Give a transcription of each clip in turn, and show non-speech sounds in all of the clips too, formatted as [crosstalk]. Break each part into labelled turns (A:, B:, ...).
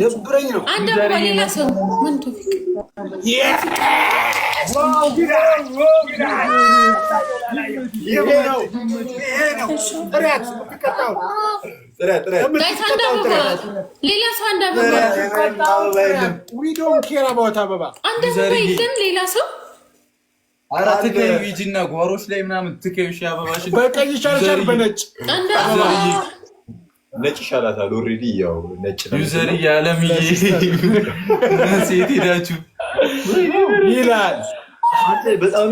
A: ደብረኝ ነው
B: ሌላ ሰው አራት ከዩ ሂጂና ጓሮች ላይ ምናምን ትከዩ አበባሽ በቀይ ሸርሸር በነጭ ነጭ ይሻላታል። ኦልሬዲ ያው ነጭ ዩዘር እያለም ሴት ሄዳችሁ ይላል። በጣም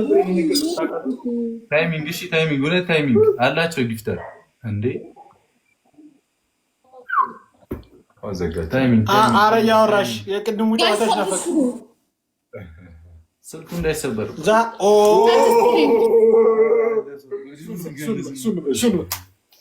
B: ታይሚንግ፣ እሺ ታይሚንግ፣ ሁለት ታይሚንግ አላቸው። ጊፍተር እንዴ አረ እያወራሽ የቅድሙ ጨዋታሽ ነፈቅ ስልኩ እንዳይሰበር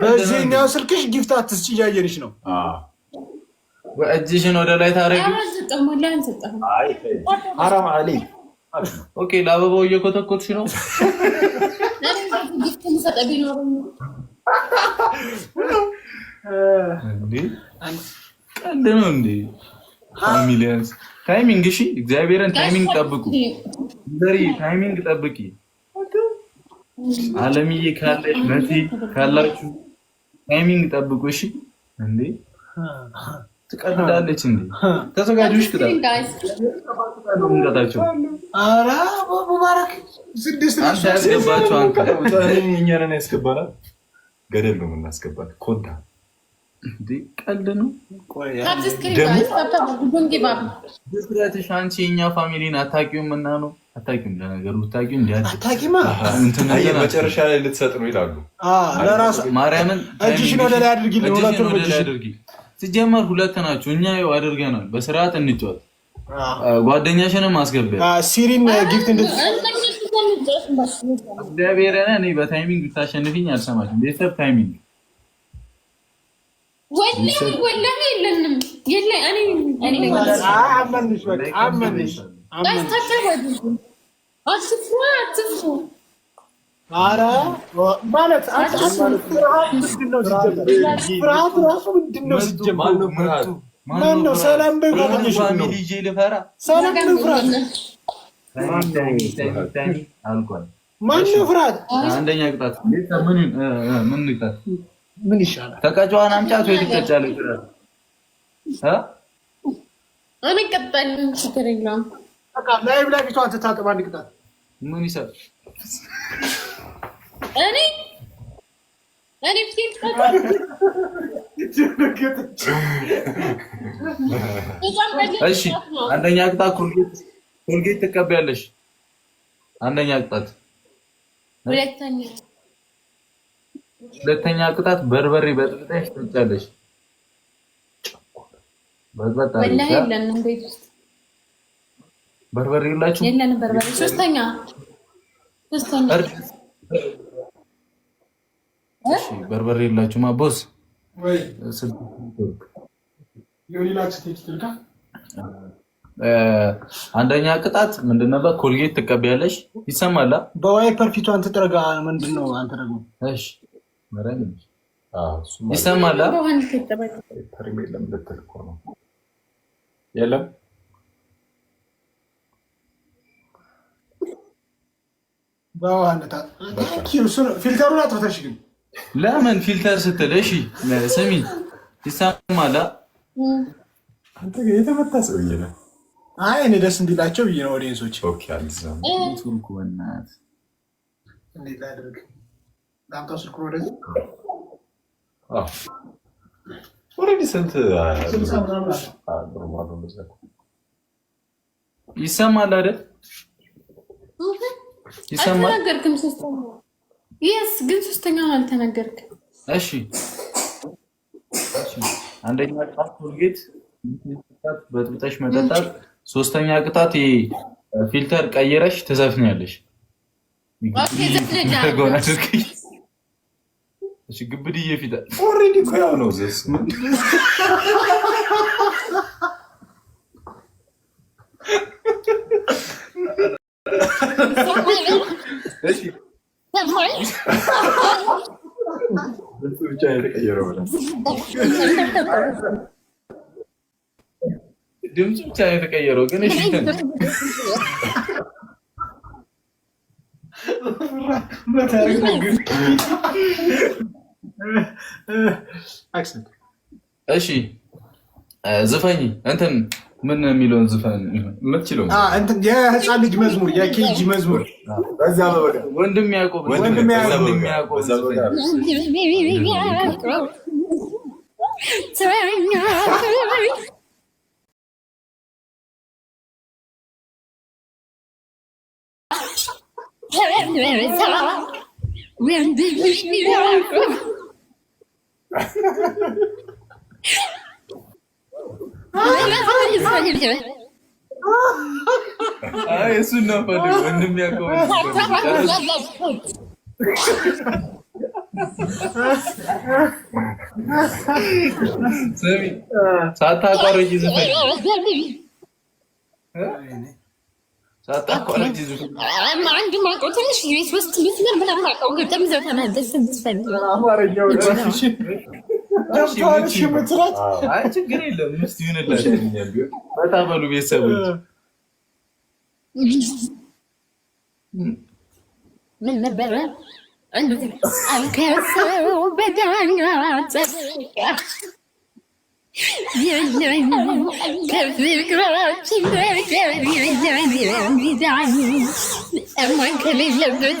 B: በዚህኛው ስልክሽ ጊፍት አትስጭ እያየንሽ ነው። እጅሽን ወደ ላይ ታረጊ። አራም አሊ ኦኬ። ለአበባው እየኮተኮትሽ ነው። ቀልድ ነው እንዴ? ሚሊየንስ ታይሚንግ እሺ፣ እግዚአብሔርን ታይሚንግ ጠብቁ። ዘሪ ታይሚንግ ጠብቂ። አለምዬ ካለች መሲ ካላችሁ ታይሚንግ ጠብቁ። እሺ እንዴ ትቀዳለች እንዴ? ተዘጋጆች ቅጣቸው። ኧረ ሙባረክ ስድስት እኛን ያስገባናል። ገደል ነው የምናስገባት። ኮንታ ቀልድ ነው ደግሞ አንቺ የኛ ፋሚሊን አታውቂውም እና ነው አታውቂም ለነገሩ ብታውቂም አታውቂማ መጨረሻ ላይ ልትሰጥ ነው ይላሉ። ለራሱ ማርያምን እጅሽን ወደ ላይ አድርጊ። ላይ አድርጊ። ሲጀመር ሁለት ናቸው። እኛ ይኸው አድርገናል። በስርዓት እንጫወት። ጓደኛሽንም አስገቢያት። ሲሪን ጊፍት እንድት እግዚአብሔርን እኔ በታይሚንግ ብታሸንፊኝ አልሰማሽም። ቤተሰብ ታይሚንግ ወላሂ የለንም። ኧረ ማለት ፍርሃት ራሱ ምንድን ነው ሲጀመር? ማነው ሰላም በይው ካገኘሽ ሰላም በይው ፍርሃት ማነው ፍርሃት? አንደኛ ቅጣት ምን ቅጣት ምን ይሻላል? ተቀጫዋን አምጫት ወይ ትቀጫለሽ? እኔ ቀጣኝ ችግር የለውም ላይ ላይ ፊቷን ትታጠብ አንድ ቅጣት ምን ይሰራል? እኔ እኔ ፊቴን እሺ፣ አንደኛ ቅጣት ኮልጌት ኮልጌት ትቀበያለሽ። አንደኛ ቅጣት። ሁለተኛ ቅጣት በርበሬ በጥብጣሽ ትጫለሽ። በጥብጣ ወላሂ ቤት ውስጥ በርበሬ የላችሁ? የለንም በርበሬ። ሶስተኛ ሶስተኛ በርበሬ የላችሁ? ማቦስ አንደኛ ቅጣት ምንድን ነበር? ኮልጌት ትቀቢያለሽ። ይሰማላ በዋይፐር ፊቷን ትጥረጋ። ምንድን ነው አንተ ደግሞ ይሰማላ። የለም بواهنتا كيو سنو فلتر ولا ترتشكم لا من فلتر ستلاشي لا سمي تسمع لا አንተ ግን የተመታ ሰውዬ ነው። አይ እኔ ደስ እንዲላቸው ብዬ ነው። ኦዲየንሶች ቱርኩ በናት እንዴት ላድርግ? ዳምታው ስልኩ ወደዚህ ኦልሬዲ ስንት ይሰማል አይደል? አልተናገርክም። ሶስተኛው የስ ግን ሶስተኛውን አልተናገርክም። እሺ አንደኛ ቅጣት በጥብጠሽ መጠጣት፣ ሶስተኛ ቅጣት ፊልተር ቀይረሽ ትዘፍኛለሽ። ግብድዬ ፊት ኦልሬዲ እኮ ያው ነው ዘስ ብቻ ድምፁ ብቻ የተቀየረው ግን እሺ፣ ዝፈኝ እንትን ምን የሚለውን ዝፈን የምትችለው የህፃን ልጅ መዝሙር የኬጅ መዝሙር በዛ ወንድም ያዕቆብ ወንድም ያዕቆብ እሱን ነው ፈልገው እንደሚያውቀው ሳታቋርጪ ዝፈኝ ሳታቋርጪ በሉ ቤተሰቦች ምን ነበረ አንከሰው በዳና ጸደቀ ከፍቅራችን ከሌለበት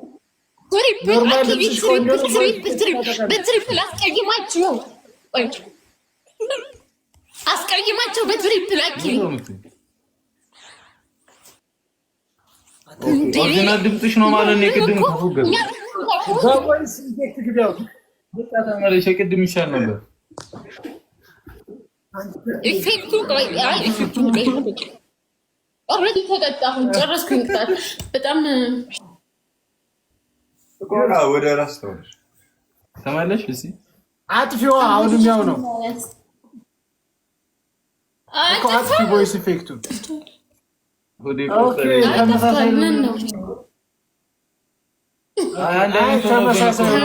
B: በትሪፕል አስቀይማችሁ አስቀይማቸው በትሪፕል አኪ ኦሪጂናል ድምፅሽ ነው ማለት ነው። የቅድም ተመለሽ። የቅድም ይሻል ነበር። ኦልሬዲ ተጠጣሁ፣ ጨረስኩ። በጣም Qual era a ouro era as torres. Também era difícil. Ah, tu viu a aula do meu não? Ah, tu viu? Qual foi esse efeito? Rodrigo, ah, ok. Ah, é não, tá tá não. Ah, não, é não. Ah, tá não,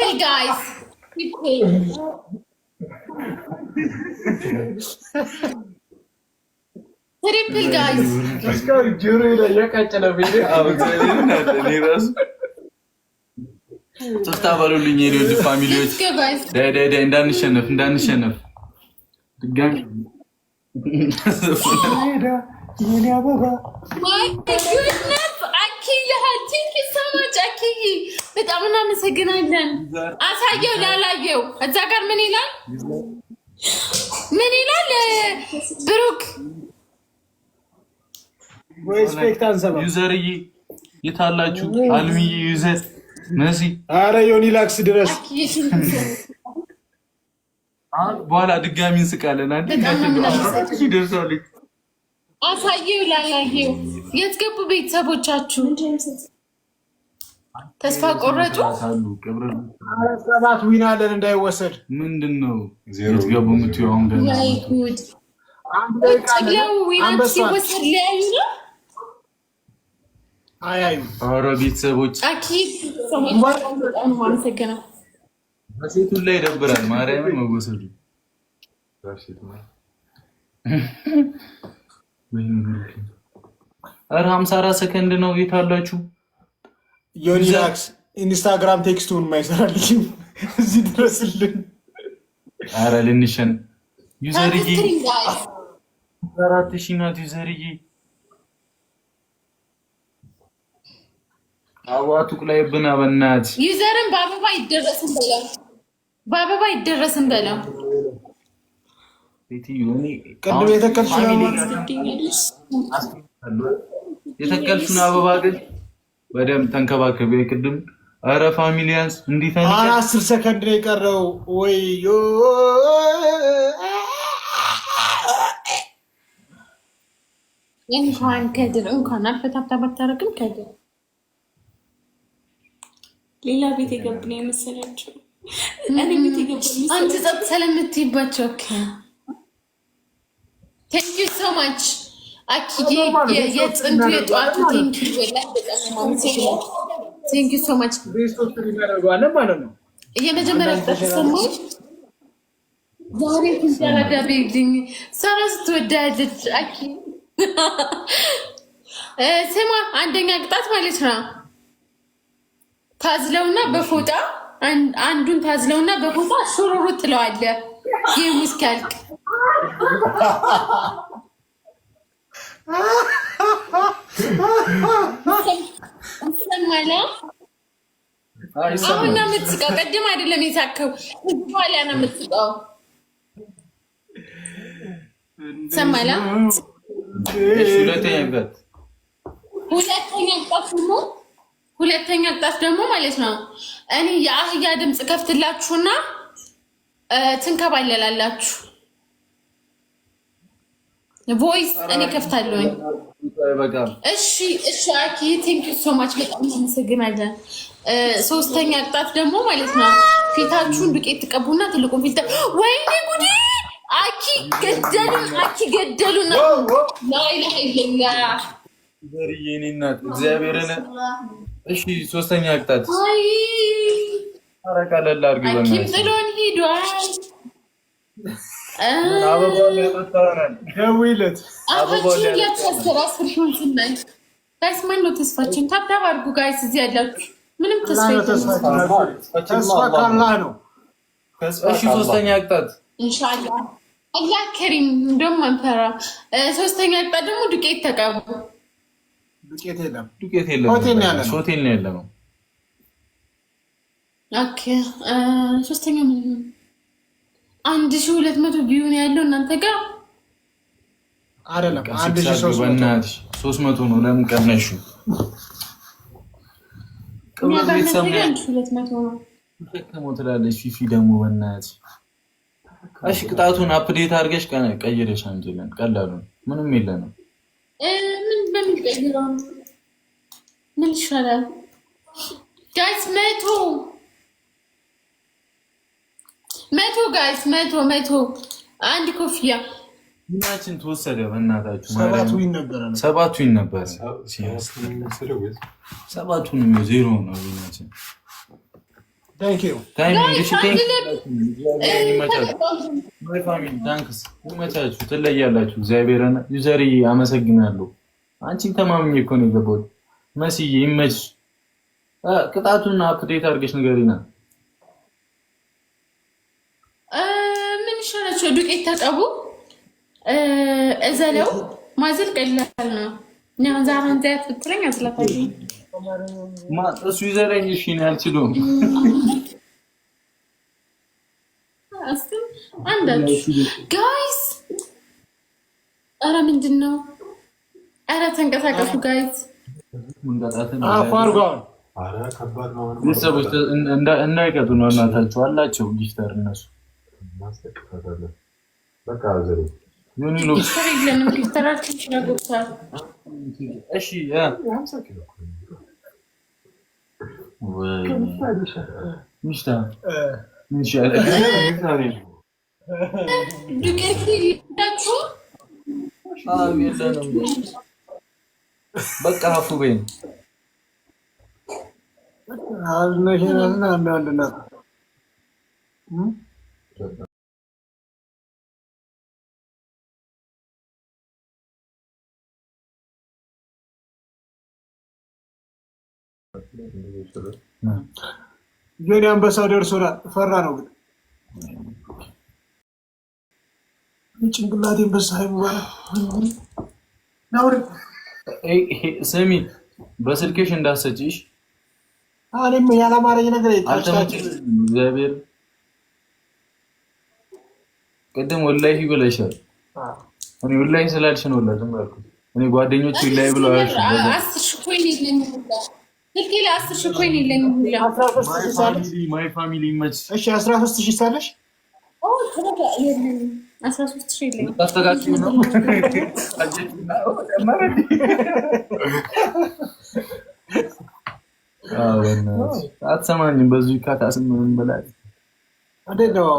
B: não. guys. Keep [laughs] ትሪፕል ጋይዝ እስካሁን ጆሮ ራሱ ፋሚሊዎች እንዳንሸነፍ እንዳንሸነፍ ድጋሚ በጣም እናመሰግናለን። አሳየው ላላየው እዛ ጋር ምን ይላል? ምን ይላል ብሩክ ዩዘርዬ የት አላችሁ? አልሚዬ ዩዘር መሲ አረ ዮኒ ላክስ ድረስ በኋላ ድጋሚ እንስቃለን። ደርሷል። አሳየው ላላየው የት ገቡ ቤተሰቦቻችሁ? ተስፋ ቆረጡ። ሰባት ዊና አለን እንዳይወሰድ። ምንድን ነው የት ገቡ የምትይው? አሁን ገና አንድ ላይ ቃል አንበሳ አረ ቤተሰቦች ሴቱን ላይ ይደብራል። ማርያምን መወሰዱ ኧረ ሀምሳ አራት ሰከንድ ነው። የት አላችሁ? ኢንስታግራም ቴክስቱን ማይሰራልኝ [laughs] እዚህ ድረስልን። አረ ልንሸን ዩዘርዬ አራት ሺህ ናት ዩዘርዬ አዋቱ ላይ ብና በናት ዩዘርን በአበባ ይደረስም በለው፣ በአበባ ይደረስም በለው። የተከልሽውን አበባ ግን በደምብ ተንከባከቢ። ቅድም ኧረ ፋሚሊያንስ እንዲህ አስር ሰከንድ ነው የቀረው። ወዮ እንኳን ከድር እንኳን አልፈታታ ባታረግም ከድር ሌላ ቤት የገቡ ነው የመሰላቸው። እኔ ቤት የገቡ አንቺ ጸጥ ስለምትይባቸው ቴንክ ዩ ሶ ማች አኪዬ የጥንቱ የጠዋቱ ቴንክ ዩ ቴንክ ዩ ሶ ማች ማለት ነው። የመጀመሪያ ዛሬ ቤልኝ ሰራ ስትወዳለች። አኪ [laughs] ስማ አንደኛ ቅጣት ማለት ነው ታዝለውና በፎጣ አንዱን ታዝለውና በፎጣ ሹሩሩ ትለዋለ። ጌሙ እስኪያልቅ አሁን ነው የምትስቀው። ቅድም አይደለም የሳከው፣ በኋላ ነው የምትስቀው። ሰማላ ሁለተኛ ሁለተኛ ቅጣት ደግሞ ማለት ነው እኔ የአህያ ድምፅ ከፍትላችሁና ትንከባለላላችሁ። ቮይስ እኔ ከፍታለሁኝ። እሺ እሺ። አኪ ቴንክ ዩ ሶ ማች በጣም እናመሰግናለን። ሶስተኛ ቅጣት ደግሞ ማለት ነው ፊታችሁን ዱቄት ትቀቡና ትልቁን ፊልተር። ወይኔ ጉዲ አኪ ገደሉ፣ አኪ ገደሉ። ገደሉን። ላይ ይለያ ዘርዬ እኔ እናት እግዚአብሔርን እሺ ሶስተኛ አቅጣጫ አረቀለላ አርግ ሐኪም ጥሎን ተስፋችን? ታብታብ አድርጉ ጋይስ፣ እዚህ ያላችሁ ምንም ተስፋ ነው። ሶስተኛ አቅጣጫ አላህ ከሪም እንደውም አንፈራ። ሶስተኛ ደግሞ ዱቄት ተቀቡ ዱቄት የለም፣ ሆቴል ነው ያለ ነው። አንድ ሺህ ሁለት መቶ ቪው ነው ያለው እናንተ ጋር አይደለም። አንድ ሺህ ሶስት መቶ ነው። ለምን ቀነሹ? ቅመም ትላለች ፊፊ ደግሞ በእናትሽ እሺ፣ ቅጣቱን አፕዴት አድርገሽ ቀይረሽ አንጅለን። ቀላሉ ምንም የለንም። ምን በሚቀይረው ምን ይሻላል? ጋይስ መቶ መቶ ጋይስ መቶ መቶ አንድ ኮፍያ ምናችን ተወሰደ። በእናታችሁ ሰባቱ ይነበረ ሰባቱ ነው ዜሮ ነው ናችን ይመቻችሁ፣ ትለያላችሁ። እግዚአብሔርን ዩዘሪ አመሰግናለሁ። አንቺን ተማምኜ እኮ ነው የገባሁት። መስዬ ይመች። ቅጣቱን አፕዴት አድርገሽ ንገሪና ምን ይሻላቸው? ዱቄት ታጠቡ እዘለው ማዘል ቀላል ነው። ዛራንዛያት ብትለኝ አዝላታለሁ ማጥረሱ ይዘረኝ። እሺ ነው አልችልም። አስከም ጋይስ፣ አረ ምንድን ነው? አረ ተንቀሳቀሱ ጋይስ። እንዳይቀጡ ነው። እናታችሁ አላቸው ጊፍተር እነሱ ጊፍተራችን ይችላል። እሺ በቃ ሀፉ ቤን አዝመሽናትና አንድ የኔ አንበሳው ደርሶናል። ፈራ ነው ግን ጭንቅላቴን በፀሐይ ሙባረክ ስሚ፣ በስልክሽ እንዳሰጭሽ እኔም ያላማረኝ ነገር እግዚአብሔር ቅድም ወላሂ ብለሻል። እኔ ወላሂ ስላልሽ ነው እኔ ጓደኞች ወላሂ ብለው ልኬ ለአስር ሺህ ኮይን የለኝም። ማይ ፋሚሊ ይመችሽ። እሺ አስራ ሦስት ሺህ ሳለሽ አትሰማኝም። በዙ ይካካስም ምን በላት አደጋው